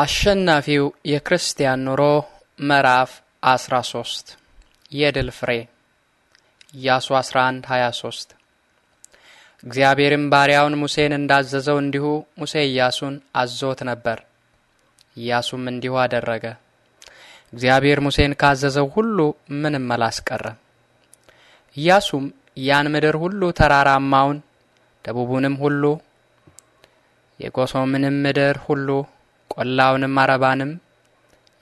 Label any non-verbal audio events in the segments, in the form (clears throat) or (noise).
አሸናፊው የክርስቲያን ኑሮ ምዕራፍ 13 የድል ፍሬ ኢያሱ 11 23 እግዚአብሔርም ባሪያውን ሙሴን እንዳዘዘው እንዲሁ ሙሴ ኢያሱን አዞት ነበር። ኢያሱም እንዲሁ አደረገ። እግዚአብሔር ሙሴን ካዘዘው ሁሉ ምንም አላስቀረም። ኢያሱም ያን ምድር ሁሉ ተራራማውን፣ ደቡቡንም ሁሉ የጎሶምንም ምድር ሁሉ ቆላውንም አረባንም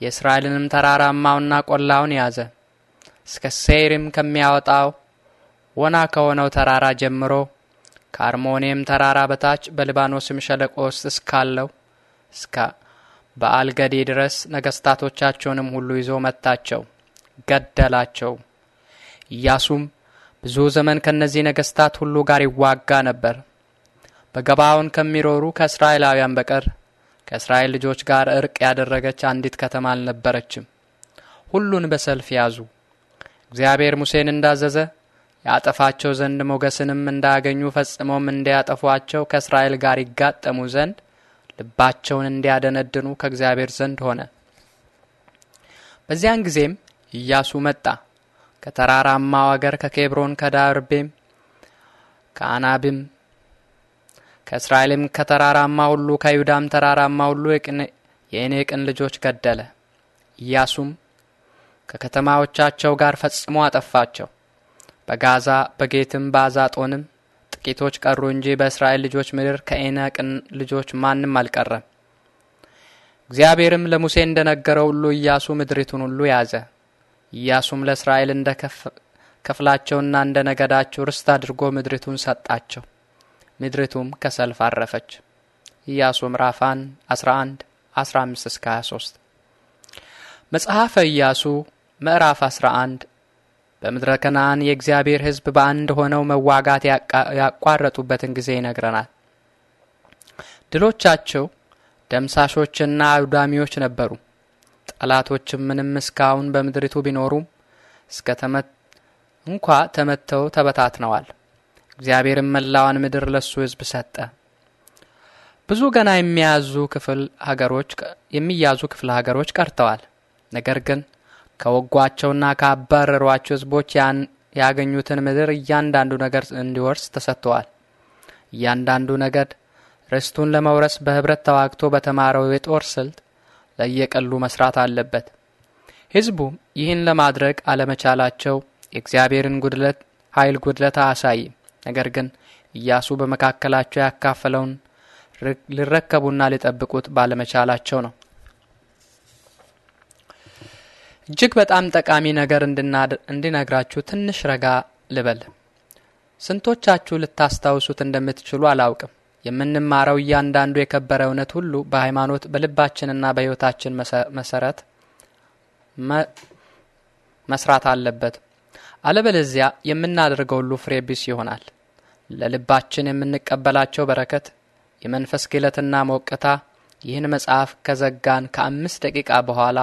የእስራኤልንም ተራራማውና ቆላውን ያዘ። እስከ ሴይርም ከሚያወጣው ወና ከሆነው ተራራ ጀምሮ ከአርሞኔም ተራራ በታች በሊባኖስም ሸለቆ ውስጥ እስካለው እስከ በአል ገዴ ድረስ ነገስታቶቻቸውንም ሁሉ ይዞ መታቸው፣ ገደላቸው። ኢያሱም ብዙ ዘመን ከእነዚህ ነገስታት ሁሉ ጋር ይዋጋ ነበር በገባውን ከሚሮሩ ከእስራኤላውያን በቀር ከእስራኤል ልጆች ጋር እርቅ ያደረገች አንዲት ከተማ አልነበረችም። ሁሉን በሰልፍ ያዙ። እግዚአብሔር ሙሴን እንዳዘዘ ያጠፋቸው ዘንድ ሞገስንም እንዳያገኙ ፈጽሞም እንዲያጠፏቸው ከእስራኤል ጋር ይጋጠሙ ዘንድ ልባቸውን እንዲያደነድኑ ከእግዚአብሔር ዘንድ ሆነ። በዚያን ጊዜም ኢያሱ መጣ። ከተራራማው አገር ከኬብሮን ከዳርቤም ከአናብም ከእስራኤልም ከተራራማ ሁሉ ከይሁዳም ተራራማ ሁሉ የእኔ ቅን ልጆች ገደለ። ኢያሱም ከከተማዎቻቸው ጋር ፈጽሞ አጠፋቸው። በጋዛ በጌትም በአዛጦንም ጥቂቶች ቀሩ እንጂ በእስራኤል ልጆች ምድር ከኤነቅን ቅን ልጆች ማንም አልቀረም። እግዚአብሔርም ለሙሴ እንደነገረው ሁሉ ኢያሱ ምድሪቱን ሁሉ ያዘ። ኢያሱም ለእስራኤል እንደ ክፍላቸውና እንደ ነገዳቸው ርስት አድርጎ ምድሪቱን ሰጣቸው። ምድሪቱም ከሰልፍ አረፈች። ኢያሱ ምዕራፍ 11 15 እስከ 23 መጽሐፈ ኢያሱ ምዕራፍ 11 በምድረ ከነዓን የእግዚአብሔር ሕዝብ በአንድ ሆነው መዋጋት ያቋረጡበትን ጊዜ ይነግረናል። ድሎቻቸው ደምሳሾችና አውዳሚዎች ነበሩ። ጠላቶችም ምንም እስካሁን በምድሪቱ ቢኖሩም እስከ ተመት እንኳ ተመተው ተበታትነዋል። እግዚአብሔርም መላዋን ምድር ለሱ ሕዝብ ሰጠ። ብዙ ገና የሚያዙ ክፍል ሀገሮች የሚያዙ ክፍለ ሀገሮች ቀርተዋል። ነገር ግን ከወጓቸውና ካባረሯቸው ህዝቦች ያገኙትን ምድር እያንዳንዱ ነገር እንዲወርስ ተሰጥተዋል። እያንዳንዱ ነገድ ርስቱን ለመውረስ በህብረት ተዋግቶ በተማረው የጦር ስልት ለየቀሉ መስራት አለበት። ህዝቡ ይህን ለማድረግ አለመቻላቸው የእግዚአብሔርን ጉድለት ኃይል ጉድለት አያሳይም። ነገር ግን ኢያሱ በመካከላቸው ያካፈለውን ሊረከቡና ሊጠብቁት ባለመቻላቸው ነው። እጅግ በጣም ጠቃሚ ነገር እንዲነግራችሁ ትንሽ ረጋ ልበል። ስንቶቻችሁ ልታስታውሱት እንደምትችሉ አላውቅም። የምንማረው እያንዳንዱ የከበረ እውነት ሁሉ በሃይማኖት በልባችንና በሕይወታችን መሰረት መስራት አለበት። አለበለዚያ የምናደርገው ሁሉ ፍሬ ቢስ ይሆናል። ለልባችን የምንቀበላቸው በረከት የመንፈስ ግለትና ሞቅታ ይህን መጽሐፍ ከዘጋን ከአምስት ደቂቃ በኋላ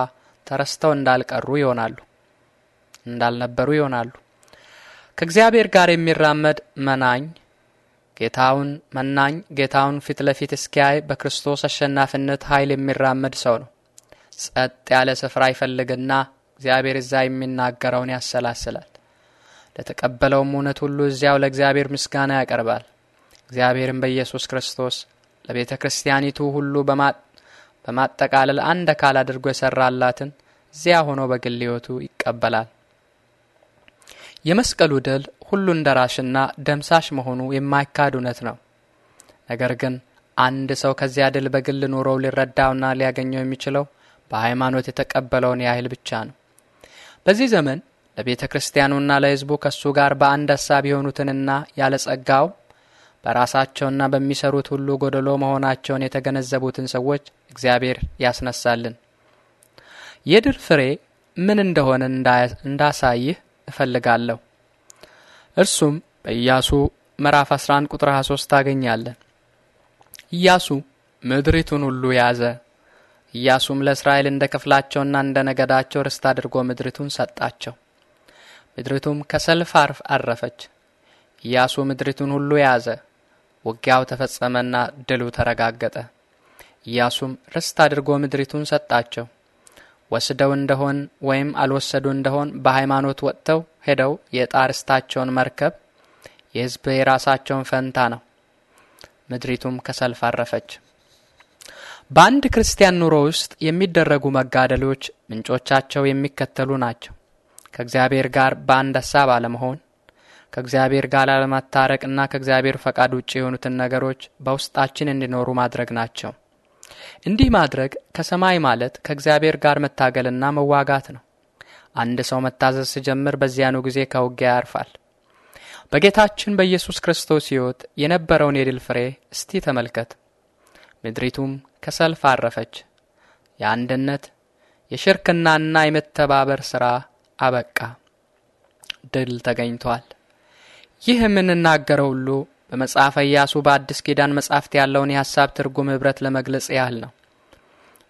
ተረስተው እንዳልቀሩ ይሆናሉ እንዳልነበሩ ይሆናሉ። ከእግዚአብሔር ጋር የሚራመድ መናኝ ጌታውን መናኝ ጌታውን ፊት ለፊት እስኪያይ በክርስቶስ አሸናፊነት ኃይል የሚራመድ ሰው ነው። ጸጥ ያለ ስፍራ ይፈልግና እግዚአብሔር እዛ የሚናገረውን ያሰላስላል። ለተቀበለውም እውነት ሁሉ እዚያው ለእግዚአብሔር ምስጋና ያቀርባል። እግዚአብሔርም በኢየሱስ ክርስቶስ ለቤተ ክርስቲያኒቱ ሁሉ በማጠቃለል አንድ አካል አድርጎ የሰራላትን እዚያ ሆኖ በግል ሕይወቱ ይቀበላል። የመስቀሉ ድል ሁሉን ደራሽና ደምሳሽ መሆኑ የማይካድ እውነት ነው። ነገር ግን አንድ ሰው ከዚያ ድል በግል ኑሮው ሊረዳውና ሊያገኘው የሚችለው በሃይማኖት የተቀበለውን ያህል ብቻ ነው። በዚህ ዘመን ለቤተ ክርስቲያኑና ለሕዝቡ ከእሱ ጋር በአንድ ሀሳብ የሆኑትንና ያለ ጸጋው በራሳቸውና በሚሰሩት ሁሉ ጎደሎ መሆናቸውን የተገነዘቡትን ሰዎች እግዚአብሔር ያስነሳልን። የድር ፍሬ ምን እንደሆነ እንዳሳይህ እፈልጋለሁ። እርሱም በኢያሱ ምዕራፍ 11 ቁጥር 23 ታገኛለን። ኢያሱ ምድሪቱን ሁሉ ያዘ። ኢያሱም ለእስራኤል እንደ ክፍላቸውና እንደ ነገዳቸው ርስት አድርጎ ምድሪቱን ሰጣቸው። ምድሪቱም ከሰልፍ አረፈች። ኢያሱ ምድሪቱን ሁሉ ያዘ። ውጊያው ተፈጸመና ድሉ ተረጋገጠ። ኢያሱም ርስት አድርጎ ምድሪቱን ሰጣቸው። ወስደው እንደሆን ወይም አልወሰዱ እንደሆን በሃይማኖት ወጥተው ሄደው የዕጣ ርስታቸውን መርከብ የሕዝብ የራሳቸውን ፈንታ ነው። ምድሪቱም ከሰልፍ አረፈች። በአንድ ክርስቲያን ኑሮ ውስጥ የሚደረጉ መጋደሎች ምንጮቻቸው የሚከተሉ ናቸው። ከእግዚአብሔር ጋር በአንድ ሀሳብ አለመሆን፣ ከእግዚአብሔር ጋር አለማታረቅና ከእግዚአብሔር ፈቃድ ውጭ የሆኑትን ነገሮች በውስጣችን እንዲኖሩ ማድረግ ናቸው። እንዲህ ማድረግ ከሰማይ ማለት ከእግዚአብሔር ጋር መታገልና መዋጋት ነው። አንድ ሰው መታዘዝ ሲጀምር በዚያኑ ጊዜ ከውጊያ ያርፋል። በጌታችን በኢየሱስ ክርስቶስ ሕይወት የነበረውን የድል ፍሬ እስቲ ተመልከት። ምድሪቱም ከሰልፍ አረፈች። የአንድነት የሽርክናና የመተባበር ሥራ አበቃ። ድል ተገኝቷል። ይህ የምንናገረው ሁሉ በመጽሐፈ ኢያሱ በአዲስ ኪዳን መጻሕፍት ያለውን የሐሳብ ትርጉም ኅብረት ለመግለጽ ያህል ነው።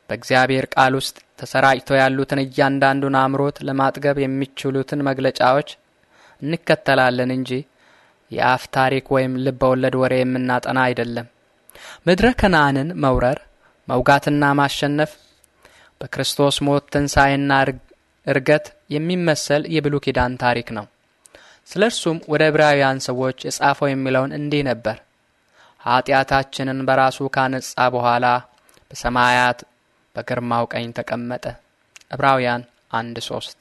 በእግዚአብሔር ቃል ውስጥ ተሰራጭቶ ያሉትን እያንዳንዱን አእምሮት ለማጥገብ የሚችሉትን መግለጫዎች እንከተላለን እንጂ የአፍ ታሪክ ወይም ልበወለድ ወለድ ወሬ የምናጠና አይደለም። ምድረ ከነአንን መውረር፣ መውጋትና ማሸነፍ፣ በክርስቶስ ሞት ትንሣኤና እርገት የሚመሰል የብሉ ኪዳን ታሪክ ነው። ስለ እርሱም ወደ ዕብራውያን ሰዎች የጻፈው የሚለውን እንዲህ ነበር። ኀጢአታችንን በራሱ ካነጻ በኋላ በሰማያት በግርማው ቀኝ ተቀመጠ። ዕብራውያን አንድ ሶስት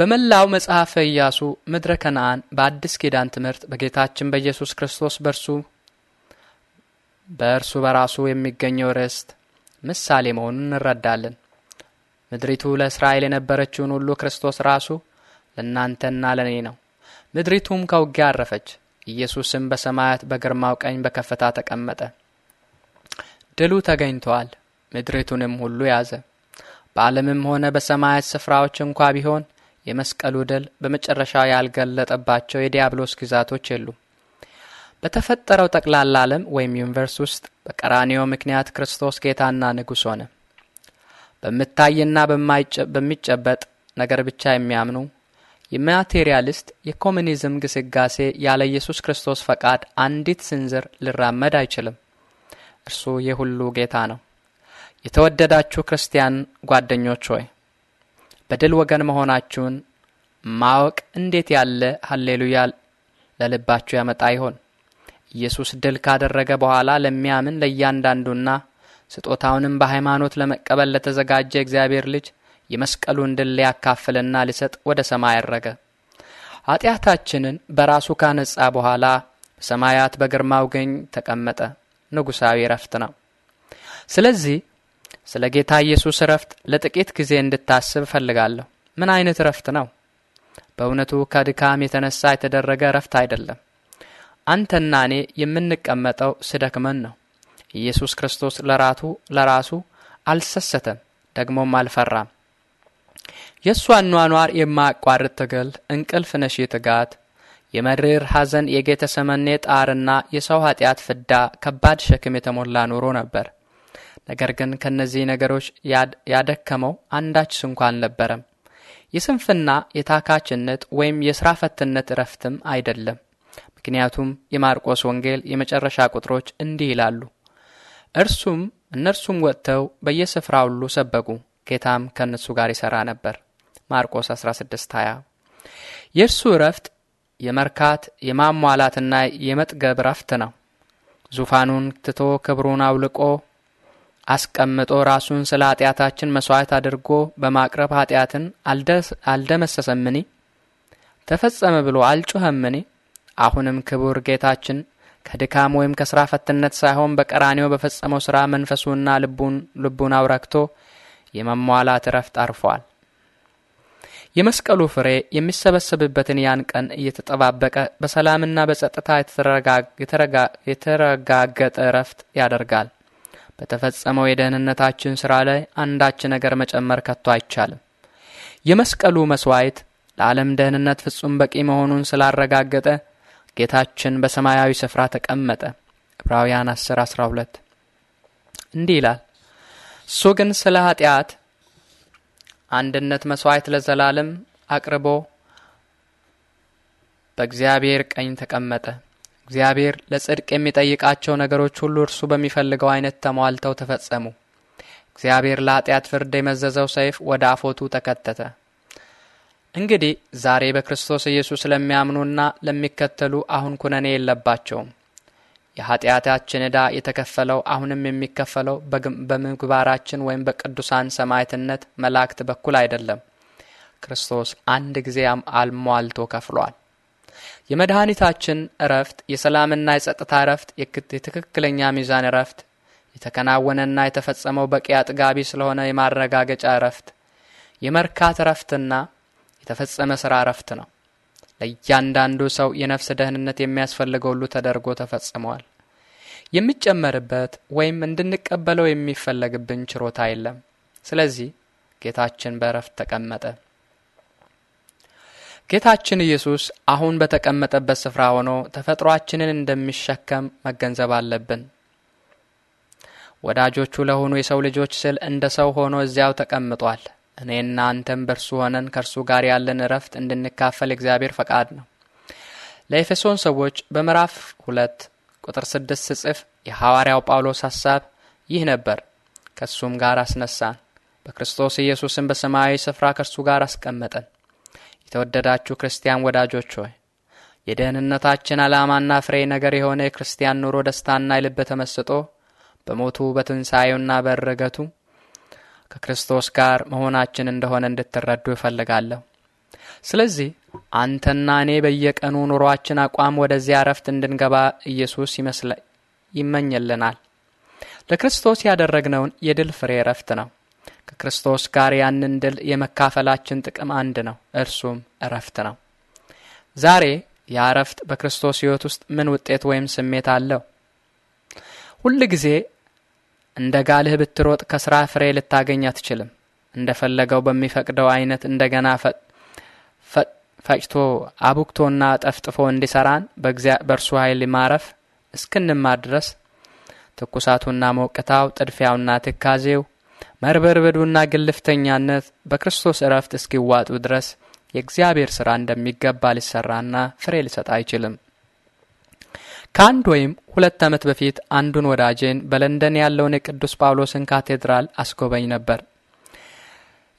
በመላው መጽሐፈ ኢያሱ ምድረ ከነአን በአዲስ ኪዳን ትምህርት በጌታችን በኢየሱስ ክርስቶስ በእርሱ በእርሱ በራሱ የሚገኘው ርስት ምሳሌ መሆኑን እንረዳለን። ምድሪቱ ለእስራኤል የነበረችውን ሁሉ ክርስቶስ ራሱ ለእናንተና ለእኔ ነው። ምድሪቱም ከውጊያ አረፈች። ኢየሱስም በሰማያት በግርማው ቀኝ በከፍታ ተቀመጠ። ድሉ ተገኝተዋል፣ ምድሪቱንም ሁሉ ያዘ። በዓለምም ሆነ በሰማያት ስፍራዎች እንኳ ቢሆን የመስቀሉ ድል በመጨረሻ ያልገለጠባቸው የዲያብሎስ ግዛቶች የሉም። በተፈጠረው ጠቅላላ ዓለም ወይም ዩኒቨርስ ውስጥ በቀራኒዮ ምክንያት ክርስቶስ ጌታና ንጉሥ ሆነ። በምታይና በሚጨበጥ ነገር ብቻ የሚያምኑ የማቴሪያሊስት የኮሚኒዝም ግስጋሴ ያለ ኢየሱስ ክርስቶስ ፈቃድ አንዲት ስንዝር ሊራመድ አይችልም። እርሱ የሁሉ ጌታ ነው። የተወደዳችሁ ክርስቲያን ጓደኞች ሆይ በድል ወገን መሆናችሁን ማወቅ እንዴት ያለ ሀሌሉያ ለልባችሁ ያመጣ ይሆን? ኢየሱስ ድል ካደረገ በኋላ ለሚያምን ለእያንዳንዱና ስጦታውንም በሃይማኖት ለመቀበል ለተዘጋጀ እግዚአብሔር ልጅ የመስቀሉን ድል ሊያካፍልና ሊሰጥ ወደ ሰማይ አረገ። ኃጢአታችንን በራሱ ካነጻ በኋላ በሰማያት በግርማው ገኝ ተቀመጠ። ንጉሣዊ እረፍት ነው። ስለዚህ ስለ ጌታ ኢየሱስ እረፍት ለጥቂት ጊዜ እንድታስብ እፈልጋለሁ። ምን አይነት እረፍት ነው? በእውነቱ ከድካም የተነሳ የተደረገ እረፍት አይደለም። አንተና እኔ የምንቀመጠው ስደክመን ነው። ኢየሱስ ክርስቶስ ለራቱ ለራሱ አልሰሰተም፣ ደግሞም አልፈራም። የእሱ አኗኗር የማያቋርጥ ትግል፣ እንቅልፍ ነሺ ትጋት፣ የመሪር ሐዘን፣ የጌተሰመኔ ጣርና የሰው ኃጢአት ፍዳ ከባድ ሸክም የተሞላ ኑሮ ነበር። ነገር ግን ከእነዚህ ነገሮች ያደከመው አንዳች ስንኳ አልነበረም። የስንፍና የታካችነት ወይም የሥራ ፈትነት እረፍትም አይደለም። ምክንያቱም የማርቆስ ወንጌል የመጨረሻ ቁጥሮች እንዲህ ይላሉ እርሱም እነርሱም ወጥተው በየስፍራው ሁሉ ሰበቁ። ጌታም ከእነሱ ጋር ይሠራ ነበር። ማርቆስ 20 የእርሱ እረፍት የመርካት የማሟላትና የመጥገብ እረፍት ነው። ዙፋኑን ትቶ ክብሩን አውልቆ አስቀምጦ ራሱን ስለ ኃጢአታችን መሥዋዕት አድርጎ በማቅረብ ኃጢአትን አልደመሰሰምኒ? ተፈጸመ ብሎ አልጩኸምኒ አሁንም ክቡር ጌታችን ከድካም ወይም ከሥራ ፈትነት ሳይሆን በቀራኒው በፈጸመው ሥራ መንፈሱና ልቡን ልቡን አውረክቶ የመሟላት እረፍት አርፏል። የመስቀሉ ፍሬ የሚሰበሰብበትን ያን ቀን እየተጠባበቀ በሰላምና በጸጥታ የተረጋገጠ እረፍት ያደርጋል። በተፈጸመው የደህንነታችን ሥራ ላይ አንዳች ነገር መጨመር ከቶ አይቻልም። የመስቀሉ መስዋዕት ለዓለም ደህንነት ፍጹም በቂ መሆኑን ስላረጋገጠ ጌታችን በሰማያዊ ስፍራ ተቀመጠ። ዕብራውያን 10 12 እንዲህ ይላል። እሱ ግን ስለ ኃጢአት አንድነት መሥዋዕት ለዘላለም አቅርቦ በእግዚአብሔር ቀኝ ተቀመጠ። እግዚአብሔር ለጽድቅ የሚጠይቃቸው ነገሮች ሁሉ እርሱ በሚፈልገው አይነት ተሟልተው ተፈጸሙ። እግዚአብሔር ለኃጢአት ፍርድ የመዘዘው ሰይፍ ወደ አፎቱ ተከተተ። እንግዲህ ዛሬ በክርስቶስ ኢየሱስ ለሚያምኑና ለሚከተሉ አሁን ኩነኔ የለባቸውም። የኃጢአታችን ዕዳ የተከፈለው አሁንም የሚከፈለው በምግባራችን ወይም በቅዱሳን ሰማዕትነት መላእክት በኩል አይደለም። ክርስቶስ አንድ ጊዜ አልሟልቶ ከፍሏል። የመድኃኒታችን እረፍት፣ የሰላምና የጸጥታ እረፍት፣ የትክክለኛ ሚዛን እረፍት፣ የተከናወነና የተፈጸመው በቂ አጥጋቢ ስለሆነ የማረጋገጫ እረፍት፣ የመርካት እረፍትና የተፈጸመ ስራ እረፍት ነው። ለእያንዳንዱ ሰው የነፍስ ደህንነት የሚያስፈልገው ሁሉ ተደርጎ ተፈጽመዋል። የሚጨመርበት ወይም እንድንቀበለው የሚፈለግብን ችሮታ የለም። ስለዚህ ጌታችን በእረፍት ተቀመጠ። ጌታችን ኢየሱስ አሁን በተቀመጠበት ስፍራ ሆኖ ተፈጥሯችንን እንደሚሸከም መገንዘብ አለብን። ወዳጆቹ ለሆኑ የሰው ልጆች ስል እንደ ሰው ሆኖ እዚያው ተቀምጧል። እኔና አንተም በእርሱ ሆነን ከእርሱ ጋር ያለን እረፍት እንድንካፈል እግዚአብሔር ፈቃድ ነው። ለኤፌሶን ሰዎች በምዕራፍ ሁለት ቁጥር ስድስት ስጽፍ የሐዋርያው ጳውሎስ ሐሳብ ይህ ነበር። ከእሱም ጋር አስነሳን፣ በክርስቶስ ኢየሱስን በሰማያዊ ስፍራ ከእርሱ ጋር አስቀመጠን። የተወደዳችሁ ክርስቲያን ወዳጆች ሆይ የደህንነታችን ዓላማና ፍሬ ነገር የሆነ የክርስቲያን ኑሮ ደስታና የልብ ተመስጦ በሞቱ በትንሣኤውና በእርገቱ ከክርስቶስ ጋር መሆናችን እንደሆነ እንድትረዱ እፈልጋለሁ። ስለዚህ አንተና እኔ በየቀኑ ኑሯችን አቋም ወደዚያ እረፍት እንድንገባ ኢየሱስ ይመኝልናል። ለክርስቶስ ያደረግነውን የድል ፍሬ እረፍት ነው። ከክርስቶስ ጋር ያንን ድል የመካፈላችን ጥቅም አንድ ነው፣ እርሱም እረፍት ነው። ዛሬ ያ እረፍት በክርስቶስ ሕይወት ውስጥ ምን ውጤት ወይም ስሜት አለው? ሁል ጊዜ እንደ ጋልህ ብትሮጥ ከስራ ፍሬ ልታገኝ አትችልም። እንደ ፈለገው በሚፈቅደው አይነት እንደገና ፈጭቶ አቡክቶና ጠፍጥፎ እንዲሰራን በእርሱ ኃይል ማረፍ እስክንማር ድረስ ትኩሳቱና ሞቅታው፣ ጥድፊያውና ትካዜው፣ መርበርበዱና ግልፍተኛነት በክርስቶስ እረፍት እስኪዋጡ ድረስ የእግዚአብሔር ሥራ እንደሚገባ ሊሰራና ፍሬ ሊሰጥ አይችልም። ከአንድ ወይም ሁለት ዓመት በፊት አንዱን ወዳጄን በለንደን ያለውን የቅዱስ ጳውሎስን ካቴድራል አስጎበኝ ነበር።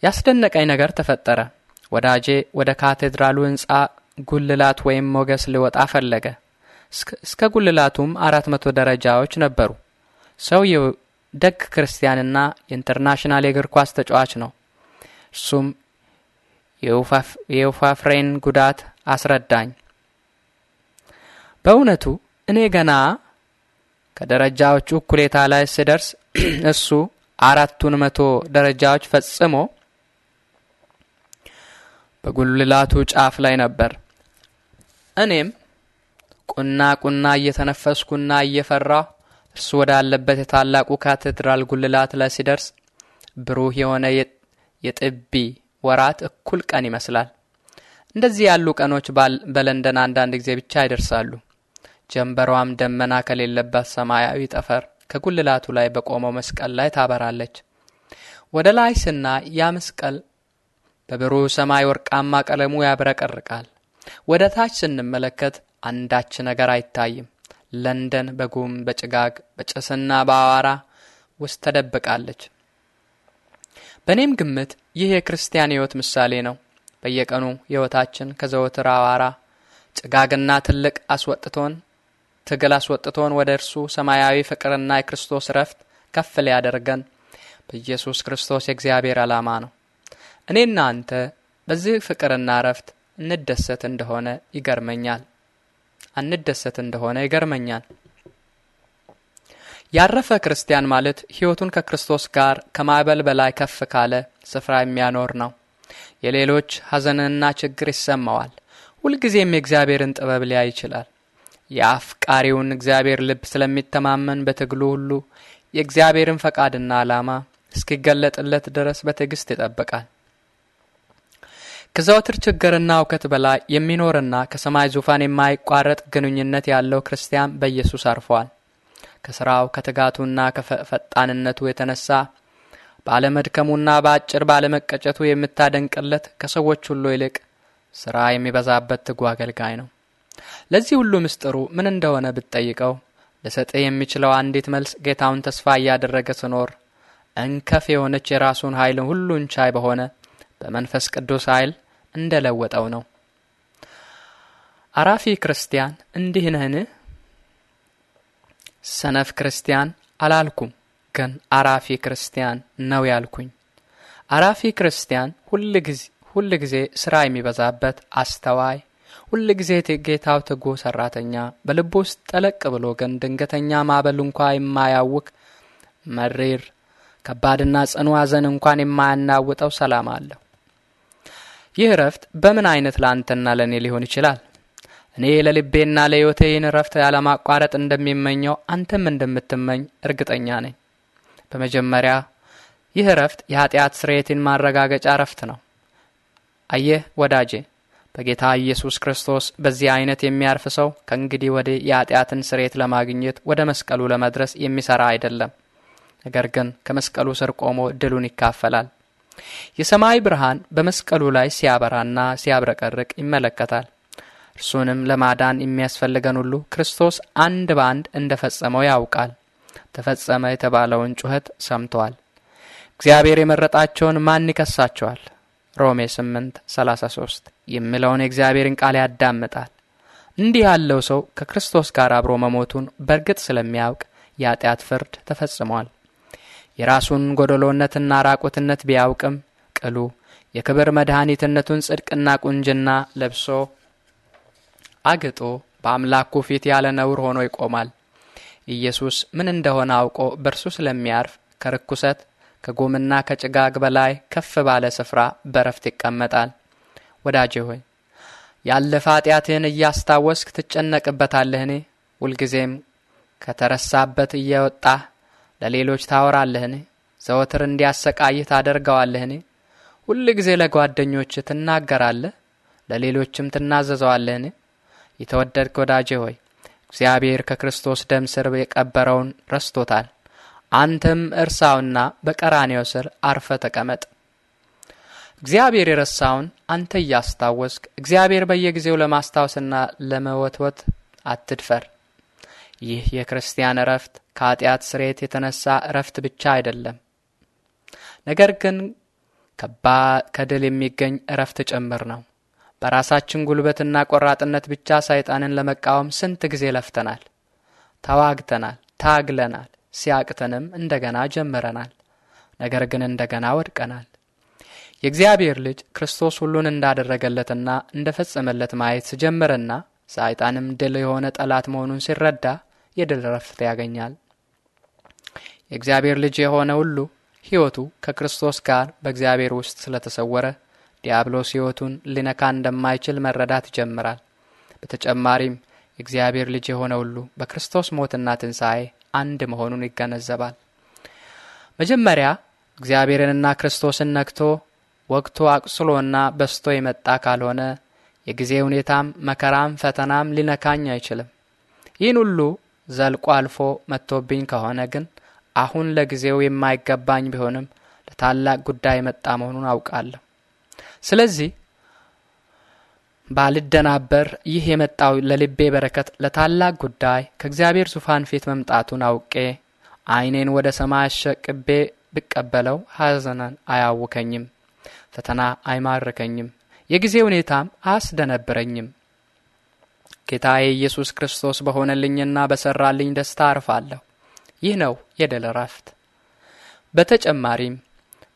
ያስደነቀኝ ነገር ተፈጠረ። ወዳጄ ወደ ካቴድራሉ ሕንፃ ጉልላት ወይም ሞገስ ሊወጣ ፈለገ። እስከ ጉልላቱም አራት መቶ ደረጃዎች ነበሩ። ሰውየው ደግ ክርስቲያንና የኢንተርናሽናል የእግር ኳስ ተጫዋች ነው። እሱም የውፋፍሬን ጉዳት አስረዳኝ። በእውነቱ እኔ ገና ከደረጃዎቹ እኩሌታ ላይ ስደርስ (clears throat) እሱ አራቱን መቶ ደረጃዎች ፈጽሞ በጉልላቱ ጫፍ ላይ ነበር። እኔም ቁና ቁና እየተነፈስኩና እየፈራሁ እርሱ ወዳለበት የታላቁ ካቴድራል ጉልላት ላይ ሲደርስ ብሩህ የሆነ የጥቢ ወራት እኩል ቀን ይመስላል። እንደዚህ ያሉ ቀኖች በለንደን አንዳንድ ጊዜ ብቻ ይደርሳሉ። ጀንበሯም ደመና ከሌለባት ሰማያዊ ጠፈር ከጉልላቱ ላይ በቆመው መስቀል ላይ ታበራለች። ወደ ላይ ስና ያ መስቀል በብሩህ ሰማይ ወርቃማ ቀለሙ ያብረቀርቃል። ወደ ታች ስንመለከት አንዳች ነገር አይታይም። ለንደን በጉም በጭጋግ በጭስና በአዋራ ውስጥ ተደብቃለች። በእኔም ግምት ይህ የክርስቲያን ሕይወት ምሳሌ ነው። በየቀኑ ሕይወታችን ከዘወትር አዋራ ጭጋግና ትልቅ አስወጥቶን ትግል አስወጥቶን ወደ እርሱ ሰማያዊ ፍቅርና የክርስቶስ ረፍት ከፍ ሊያደርገን በኢየሱስ ክርስቶስ የእግዚአብሔር ዓላማ ነው። እኔና አንተ በዚህ ፍቅርና ረፍት እንደሰት እንደሆነ ይገርመኛል አንደሰት እንደሆነ ይገርመኛል። ያረፈ ክርስቲያን ማለት ሕይወቱን ከክርስቶስ ጋር ከማዕበል በላይ ከፍ ካለ ስፍራ የሚያኖር ነው። የሌሎች ሐዘንና ችግር ይሰማዋል። ሁልጊዜም የእግዚአብሔርን ጥበብ ሊያይ ይችላል። የአፍቃሪውን እግዚአብሔር ልብ ስለሚተማመን በትግሉ ሁሉ የእግዚአብሔርን ፈቃድና ዓላማ እስኪገለጥለት ድረስ በትዕግሥት ይጠብቃል። ከዘወትር ችግርና እውከት በላይ የሚኖርና ከሰማይ ዙፋን የማይቋረጥ ግንኙነት ያለው ክርስቲያን በኢየሱስ አርፏል። ከሥራው ከትጋቱና ከፈጣንነቱ የተነሳ ባለመድከሙና በአጭር ባለመቀጨቱ የምታደንቅለት ከሰዎች ሁሉ ይልቅ ሥራ የሚበዛበት ትጉ አገልጋይ ነው። ለዚህ ሁሉ ምስጢሩ ምን እንደሆነ ብትጠይቀው ልሰጥህ የሚችለው አንዲት መልስ ጌታውን ተስፋ እያደረገ ስኖር እንከፍ የሆነች የራሱን ኃይል ሁሉን ቻይ በሆነ በመንፈስ ቅዱስ ኃይል እንደለወጠው ነው። አራፊ ክርስቲያን እንዲህ ነህን? ሰነፍ ክርስቲያን አላልኩም፣ ግን አራፊ ክርስቲያን ነው ያልኩኝ። አራፊ ክርስቲያን ጊዜ ስራ የሚበዛበት አስተዋይ ጊዜ ጌታው ትጉህ ሰራተኛ በልብ ውስጥ ጠለቅ ብሎ ግን ድንገተኛ ማዕበል እንኳ የማያውክ መሪር ከባድና ጽኑ ሐዘን እንኳን የማያናውጠው ሰላም አለው። ይህ እረፍት በምን አይነት ለአንተና ለእኔ ሊሆን ይችላል? እኔ ለልቤና ለሕይወቴ ይህን እረፍት ያለማቋረጥ እንደሚመኘው አንተም እንደምትመኝ እርግጠኛ ነኝ። በመጀመሪያ ይህ እረፍት የኃጢአት ስርየቴን ማረጋገጫ እረፍት ነው። አየህ ወዳጄ በጌታ ኢየሱስ ክርስቶስ በዚህ አይነት የሚያርፍ ሰው ከእንግዲህ ወዲህ የኃጢአትን ስሬት ለማግኘት ወደ መስቀሉ ለመድረስ የሚሰራ አይደለም፣ ነገር ግን ከመስቀሉ ስር ቆሞ ድሉን ይካፈላል። የሰማይ ብርሃን በመስቀሉ ላይ ሲያበራና ሲያብረቀርቅ ይመለከታል። እርሱንም ለማዳን የሚያስፈልገን ሁሉ ክርስቶስ አንድ በአንድ እንደ ፈጸመው ያውቃል። ተፈጸመ የተባለውን ጩኸት ሰምተዋል። እግዚአብሔር የመረጣቸውን ማን ይከሳቸዋል? ሮሜ 8 33 የሚለውን የእግዚአብሔርን ቃል ያዳምጣል። እንዲህ ያለው ሰው ከክርስቶስ ጋር አብሮ መሞቱን በእርግጥ ስለሚያውቅ የኃጢአት ፍርድ ተፈጽሟል። የራሱን ጎደሎነትና ራቁትነት ቢያውቅም ቅሉ የክብር መድኃኒትነቱን ጽድቅና ቁንጅና ለብሶ አግጦ በአምላኩ ፊት ያለ ነውር ሆኖ ይቆማል። ኢየሱስ ምን እንደሆነ አውቆ በእርሱ ስለሚያርፍ ከርኩሰት ከጉምና ከጭጋግ በላይ ከፍ ባለ ስፍራ በረፍት ይቀመጣል። ወዳጄ ሆይ ያለፈ ኃጢአትህን እያስታወስክ ትጨነቅበታለህን? ሁልጊዜም ከተረሳበት እየወጣህ ለሌሎች ታወራለህን? ዘወትር እንዲያሰቃይህ ታደርገዋለህን? ሁል ጊዜ ለጓደኞች ትናገራለህ፣ ለሌሎችም ትናዘዘዋለህን? የተወደድክ ወዳጄ ሆይ እግዚአብሔር ከክርስቶስ ደም ስር የቀበረውን ረስቶታል። አንተም እርሳውና በቀራኔው ስር አርፈ ተቀመጥ። እግዚአብሔር የረሳውን አንተ እያስታወስክ እግዚአብሔር በየጊዜው ለማስታወስና ለመወትወት አትድፈር። ይህ የክርስቲያን እረፍት ከኃጢአት ስሬት የተነሳ እረፍት ብቻ አይደለም፣ ነገር ግን ከድል የሚገኝ እረፍት ጭምር ነው። በራሳችን ጉልበትና ቆራጥነት ብቻ ሰይጣንን ለመቃወም ስንት ጊዜ ለፍተናል፣ ተዋግተናል፣ ታግለናል። ሲያቅተንም እንደገና ጀምረናል፣ ነገር ግን እንደገና ወድቀናል። የእግዚአብሔር ልጅ ክርስቶስ ሁሉን እንዳደረገለትና እንደፈጸመለት ማየት ሲጀምርና ሰይጣንም ድል የሆነ ጠላት መሆኑን ሲረዳ የድል ረፍት ያገኛል። የእግዚአብሔር ልጅ የሆነ ሁሉ ሕይወቱ ከክርስቶስ ጋር በእግዚአብሔር ውስጥ ስለተሰወረ ዲያብሎስ ሕይወቱን ሊነካ እንደማይችል መረዳት ይጀምራል። በተጨማሪም የእግዚአብሔር ልጅ የሆነ ሁሉ በክርስቶስ ሞትና ትንሣኤ አንድ መሆኑን ይገነዘባል። መጀመሪያ እግዚአብሔርንና ክርስቶስን ነክቶ ወቅቱ አቁስሎና በስቶ የመጣ ካልሆነ የጊዜ ሁኔታም መከራም ፈተናም ሊነካኝ አይችልም። ይህን ሁሉ ዘልቆ አልፎ መጥቶብኝ ከሆነ ግን አሁን ለጊዜው የማይገባኝ ቢሆንም ለታላቅ ጉዳይ የመጣ መሆኑን አውቃለሁ። ስለዚህ ባልደናበር ይህ የመጣው ለልቤ በረከት ለታላቅ ጉዳይ ከእግዚአብሔር ዙፋን ፊት መምጣቱን አውቄ ዓይኔን ወደ ሰማይ አሸቅቤ ብቀበለው ሐዘናን አያውከኝም፣ ፈተና አይማርከኝም፣ የጊዜ ሁኔታም አያስደነብረኝም። ጌታዬ ኢየሱስ ክርስቶስ በሆነልኝና በሠራልኝ ደስታ አርፋለሁ። ይህ ነው የድል እረፍት። በተጨማሪም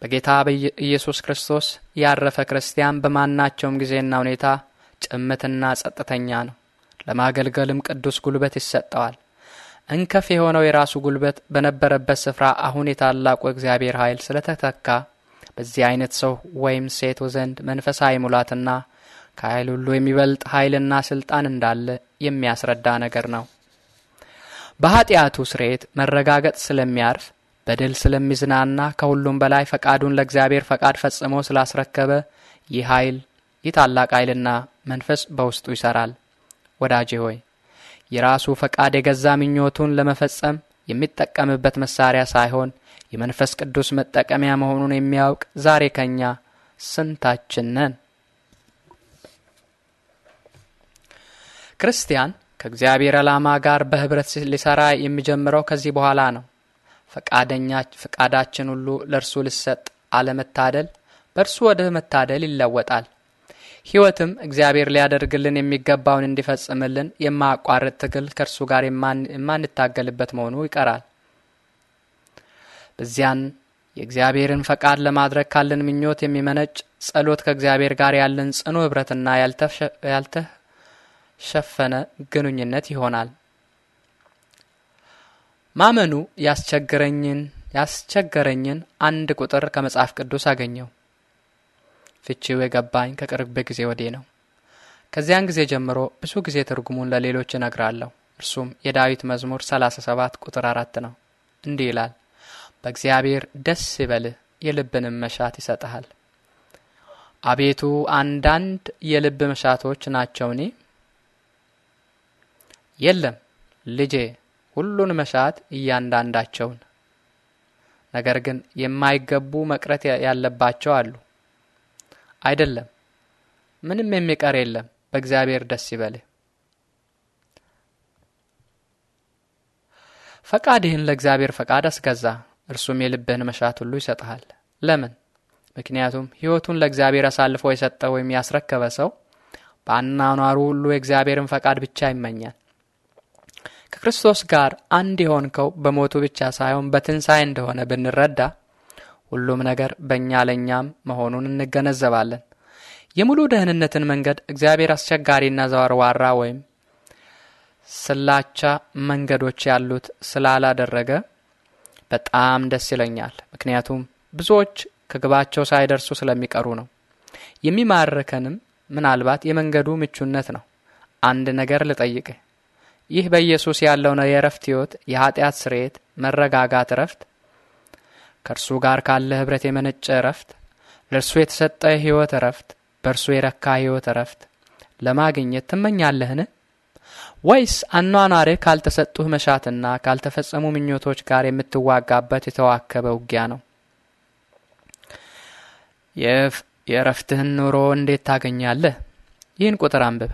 በጌታ በኢየሱስ ክርስቶስ ያረፈ ክርስቲያን በማናቸውም ጊዜና ሁኔታ ጭምትና ጸጥተኛ ነው። ለማገልገልም ቅዱስ ጉልበት ይሰጠዋል። እንከፍ የሆነው የራሱ ጉልበት በነበረበት ስፍራ አሁን የታላቁ እግዚአብሔር ኃይል ስለተተካ በዚህ አይነት ሰው ወይም ሴት ዘንድ መንፈሳዊ ሙላትና ከኃይል ሁሉ የሚበልጥ ኃይልና ስልጣን እንዳለ የሚያስረዳ ነገር ነው። በኃጢአቱ ስሬት መረጋገጥ ስለሚያርፍ በድል ስለሚዝናና ከሁሉም በላይ ፈቃዱን ለእግዚአብሔር ፈቃድ ፈጽሞ ስላስረከበ ይህ ኃይል ይህ ታላቅ ኃይልና መንፈስ በውስጡ ይሠራል። ወዳጄ ሆይ የራሱ ፈቃድ የገዛ ምኞቱን ለመፈጸም የሚጠቀምበት መሳሪያ ሳይሆን የመንፈስ ቅዱስ መጠቀሚያ መሆኑን የሚያውቅ ዛሬ ከኛ ስንታችን ነን? ክርስቲያን ከእግዚአብሔር ዓላማ ጋር በኅብረት ሊሠራ የሚጀምረው ከዚህ በኋላ ነው። ፈቃደኛ ፈቃዳችን ሁሉ ለእርሱ ሊሰጥ አለመታደል በእርሱ ወደ መታደል ይለወጣል። ሕይወትም እግዚአብሔር ሊያደርግልን የሚገባውን እንዲፈጽምልን የማያቋርጥ ትግል ከእርሱ ጋር የማንታገልበት መሆኑ ይቀራል። በዚያን የእግዚአብሔርን ፈቃድ ለማድረግ ካለን ምኞት የሚመነጭ ጸሎት ከእግዚአብሔር ጋር ያለን ጽኑ ኅብረትና ያልተሸፈነ ግንኙነት ይሆናል። ማመኑ ያስቸገረኝን ያስቸገረኝን አንድ ቁጥር ከመጽሐፍ ቅዱስ አገኘው። ፍቺው የገባኝ ከቅርብ ጊዜ ወዲህ ነው። ከዚያን ጊዜ ጀምሮ ብዙ ጊዜ ትርጉሙን ለሌሎች እነግራለሁ። እርሱም የዳዊት መዝሙር 37 ቁጥር 4 ነው። እንዲህ ይላል፣ በእግዚአብሔር ደስ ይበልህ የልብንም መሻት ይሰጠሃል። አቤቱ አንዳንድ የልብ መሻቶች ናቸውኒ? የለም ልጄ፣ ሁሉን መሻት እያንዳንዳቸውን። ነገር ግን የማይገቡ መቅረት ያለባቸው አሉ። አይደለም፣ ምንም የሚቀር የለም። በእግዚአብሔር ደስ ይበልህ። ፈቃድህን ለእግዚአብሔር ፈቃድ አስገዛ፣ እርሱም የልብህን መሻት ሁሉ ይሰጥሃል። ለምን? ምክንያቱም ሕይወቱን ለእግዚአብሔር አሳልፎ የሰጠ ወይም ያስረከበ ሰው በአናኗሩ ሁሉ የእግዚአብሔርን ፈቃድ ብቻ ይመኛል። ከክርስቶስ ጋር አንድ የሆንከው በሞቱ ብቻ ሳይሆን በትንሣኤ እንደሆነ ብንረዳ ሁሉም ነገር በእኛ ለእኛም መሆኑን እንገነዘባለን። የሙሉ ደህንነትን መንገድ እግዚአብሔር አስቸጋሪና ዘወርዋራ ወይም ስላቻ መንገዶች ያሉት ስላላደረገ በጣም ደስ ይለኛል። ምክንያቱም ብዙዎች ከግባቸው ሳይደርሱ ስለሚቀሩ ነው። የሚማርከንም ምናልባት የመንገዱ ምቹነት ነው። አንድ ነገር ልጠይቅህ። ይህ በኢየሱስ ያለው የእረፍት ሕይወት የኀጢአት ስርየት፣ መረጋጋት፣ እረፍት ከእርሱ ጋር ካለ ኅብረት የመነጨ እረፍት፣ ለእርሱ የተሰጠ ሕይወት እረፍት፣ በእርሱ የረካ ሕይወት እረፍት ለማግኘት ትመኛለህን? ወይስ አኗኗርህ ካልተሰጡህ መሻትና ካልተፈጸሙ ምኞቶች ጋር የምትዋጋበት የተዋከበ ውጊያ ነው? የእረፍትህን ኑሮ እንዴት ታገኛለህ? ይህን ቁጥር አንብብ።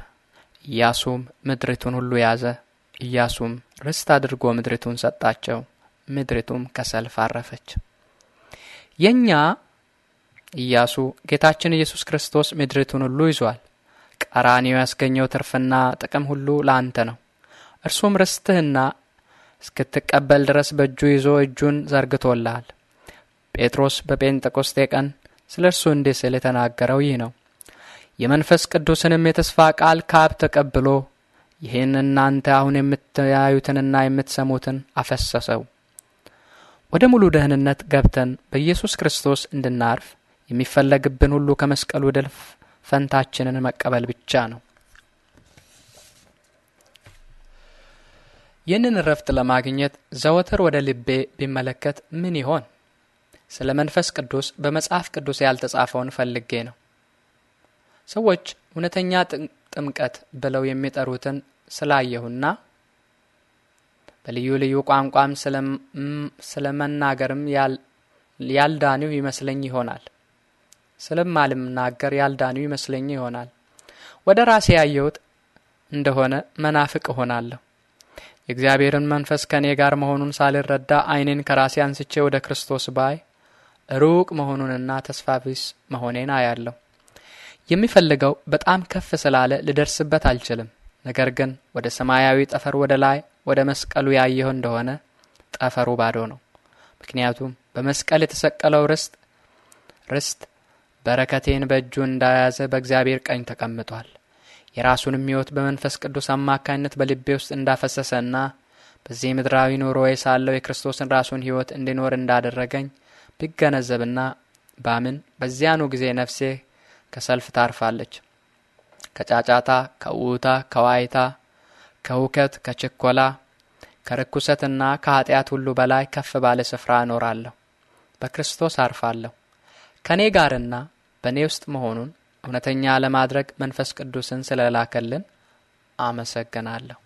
ኢያሱም ምድሪቱን ሁሉ ያዘ። ኢያሱም ርስት አድርጎ ምድሪቱን ሰጣቸው። ምድሪቱም ከሰልፍ አረፈች። የእኛ ኢያሱ ጌታችን ኢየሱስ ክርስቶስ ምድሪቱን ሁሉ ይዟል። ቀራኒው ያስገኘው ትርፍና ጥቅም ሁሉ ለአንተ ነው። እርሱም ርስትህና እስክትቀበል ድረስ በእጁ ይዞ እጁን ዘርግቶልሃል። ጴጥሮስ በጴንጠቆስቴ ቀን ስለ እርሱ እንዲህ ስል የተናገረው ይህ ነው። የመንፈስ ቅዱስንም የተስፋ ቃል ከአብ ተቀብሎ ይህን እናንተ አሁን የምታዩትንና የምትሰሙትን አፈሰሰው። ወደ ሙሉ ደህንነት ገብተን በኢየሱስ ክርስቶስ እንድናርፍ የሚፈለግብን ሁሉ ከመስቀሉ ድልፍ ፈንታችንን መቀበል ብቻ ነው። ይህንን እረፍት ለማግኘት ዘወትር ወደ ልቤ ቢመለከት ምን ይሆን? ስለ መንፈስ ቅዱስ በመጽሐፍ ቅዱስ ያልተጻፈውን ፈልጌ ነው። ሰዎች እውነተኛ ጥምቀት ብለው የሚጠሩትን ስላየሁና በልዩ ልዩ ቋንቋም ስለመናገርም ያልዳኒው ይመስለኝ ይሆናል ስለማልናገር ያልዳኒው ይመስለኝ ይሆናል። ወደ ራሴ ያየሁት እንደሆነ መናፍቅ እሆናለሁ። የእግዚአብሔርን መንፈስ ከእኔ ጋር መሆኑን ሳልረዳ ዓይኔን ከራሴ አንስቼ ወደ ክርስቶስ ባይ ሩቅ መሆኑንና ተስፋ ቢስ መሆኔን አያለሁ። የሚፈልገው በጣም ከፍ ስላለ ልደርስበት አልችልም። ነገር ግን ወደ ሰማያዊ ጠፈር ወደ ላይ ወደ መስቀሉ ያየሁ እንደሆነ ጠፈሩ ባዶ ነው። ምክንያቱም በመስቀል የተሰቀለው ርስት ርስት በረከቴን በእጁ እንዳያዘ በእግዚአብሔር ቀኝ ተቀምጧል። የራሱንም ሕይወት በመንፈስ ቅዱስ አማካኝነት በልቤ ውስጥ እንዳፈሰሰና በዚህ ምድራዊ ኑሮ ሳለው የክርስቶስን ራሱን ሕይወት እንዲኖር እንዳደረገኝ ብገነዘብና ባምን በዚያኑ ጊዜ ነፍሴ ከሰልፍ ታርፋለች። ከጫጫታ፣ ከውታ፣ ከዋይታ ከውከት፣ ከችኮላ፣ ከርኩሰትና ከኃጢአት ሁሉ በላይ ከፍ ባለ ስፍራ እኖራለሁ። በክርስቶስ አርፋለሁ። ከእኔ ጋርና በእኔ ውስጥ መሆኑን እውነተኛ ለማድረግ መንፈስ ቅዱስን ስለላከልን አመሰግናለሁ።